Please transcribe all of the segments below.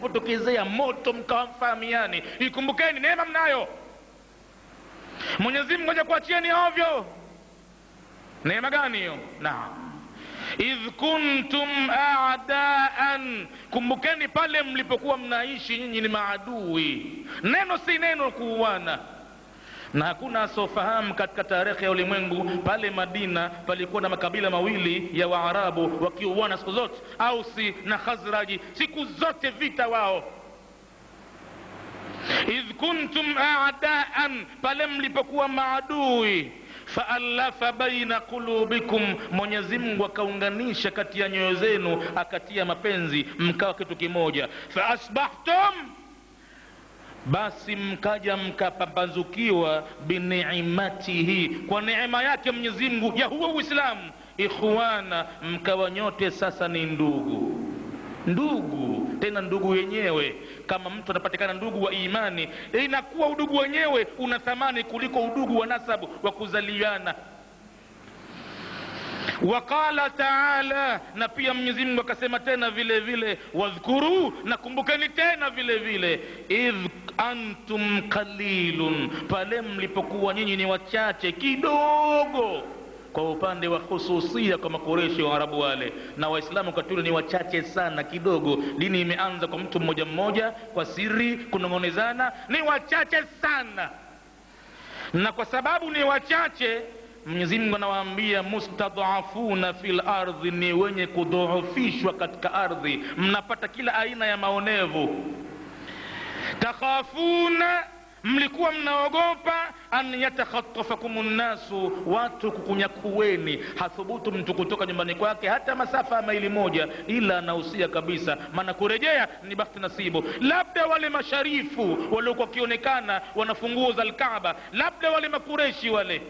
kutokezea moto mkawamfahamiani. Ikumbukeni neema mnayo. Mwenyezi Mungu aja kuachieni ovyo. Neema gani hiyo? Naam. Idh kuntum adaan, kumbukeni pale mlipokuwa mnaishi nyinyi ni maadui. Neno si neno kuuana na hakuna asiofahamu katika tarehe ya ulimwengu, pale Madina palikuwa na makabila mawili ya Waarabu wakiuana siku zote, Ausi na Khazraji, siku zote vita wao. Idh kuntum adaan pale mlipokuwa maadui faalafa baina qulubikum, mwenyezimngu akaunganisha kati ya nyoyo zenu, akatia mapenzi, mkawa kitu kimoja. Faasbahtum basi mkaja mkapambazukiwa biniimatihi, kwa neema yake Mwenyezi Mungu ya huo Uislamu, ikhwana, mkawa nyote sasa ni ndugu ndugu tena ndugu wenyewe. Kama mtu anapatikana ndugu wa imani, inakuwa udugu wenyewe una thamani kuliko udugu wa nasabu wa kuzaliana. Waqala taala, na pia Mwenyezi Mungu akasema tena vile vile, wadhkuru, tena vile vile idh antum qalilun, pale mlipokuwa nyinyi ni wachache kidogo kwa upande wa hususia kwa makoresho wa Arabu wale na Waislamu katuni ni wachache sana kidogo. Dini imeanza kwa mtu mmoja mmoja, kwa siri, kunong'onezana, ni wachache sana. Na kwa sababu ni wachache, Mwenyezi Mungu anawaambia mustadhafuna fil ardhi, ni wenye kudhoofishwa katika ardhi, mnapata kila aina ya maonevu takhafuna mlikuwa mnaogopa an yatakhatafakum nnasu, watu kukunyakuweni. Hathubutu mtu kutoka nyumbani kwake hata masafa ya maili moja, ila anahusia kabisa, maana kurejea ni bahti nasibu. Labda wale masharifu waliokuwa wakionekana wanafunguo za Alkaaba, labda wale makureshi wale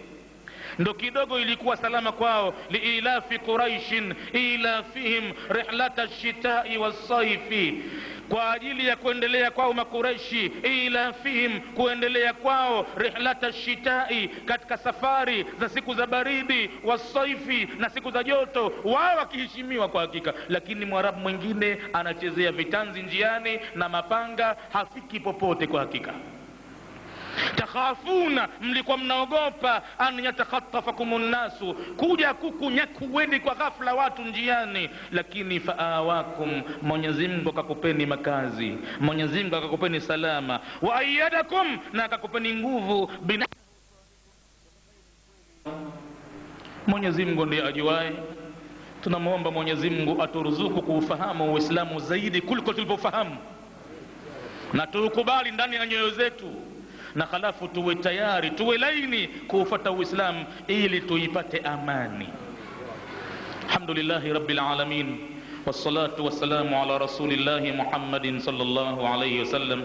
ndo kidogo ilikuwa salama kwao. liilafi quraishin ilafihim rihlata lshitai wassaifi kwa ajili ya kuendelea kwao Makureishi ila fihim, kuendelea kwao rihlata shitai, katika safari za siku za baridi, wasaifi na siku za joto, wao wakiheshimiwa kwa hakika. Lakini mwarabu mwingine anachezea vitanzi njiani na mapanga, hafiki popote kwa hakika takhafuna, mlikuwa mnaogopa an yatakhatafakum nnasu, kuja kukunyakuweni kwa ghafla watu njiani. Lakini faawakum, Mwenyezi Mungu akakupeni makazi, Mwenyezi Mungu akakupeni salama, wa ayyadakum, na akakupeni nguvu bina Mwenyezi Mungu ndiye ajuaye. Tunamwomba Mwenyezi Mungu aturuzuku kuufahamu Uislamu zaidi kuliko tulivyofahamu na tuukubali ndani ya nyoyo zetu. na halafu tuwe tayari tuwe laini kuufata uislamu ili tuipate amani alhamdulillahi rabbil alamin والصلاة والسلام على رسول الله محمد صلى الله عليه وسلم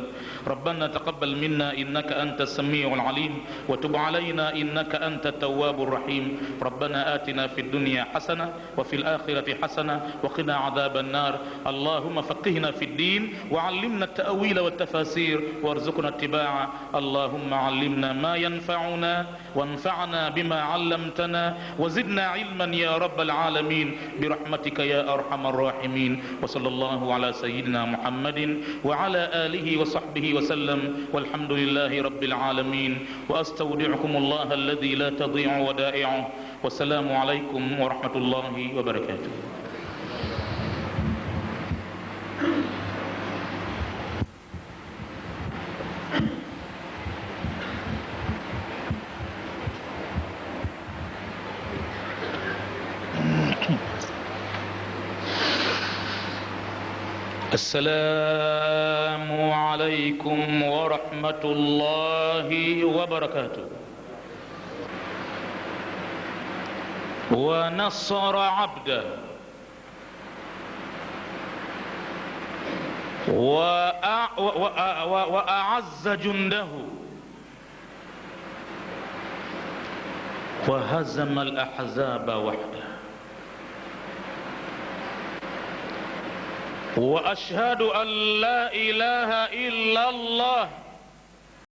ربنا تقبل منا إنك أنت السميع العليم وتب علينا إنك أنت التواب الرحيم ربنا آتنا في الدنيا حسنة وفي الآخرة حسنة وقنا عذاب النار اللهم فقهنا في الدين وعلمنا التأويل والتفاسير وارزقنا اتباعه اللهم علمنا ما ينفعنا وانفعنا بما علمتنا وزدنا علما يا رب العالمين برحمتك يا أرحم الراحمين وصلى الله على سيدنا محمد وعلى آله وصحبه وسلم والحمد لله رب العالمين وأستودعكم الله الذي لا تضيع ودائعه والسلام عليكم ورحمة الله وبركاته السلام عليكم ورحمة الله وبركاته ونصر عبده وأعز جنده وهزم الأحزاب وحده واشهد ان لا اله الا الله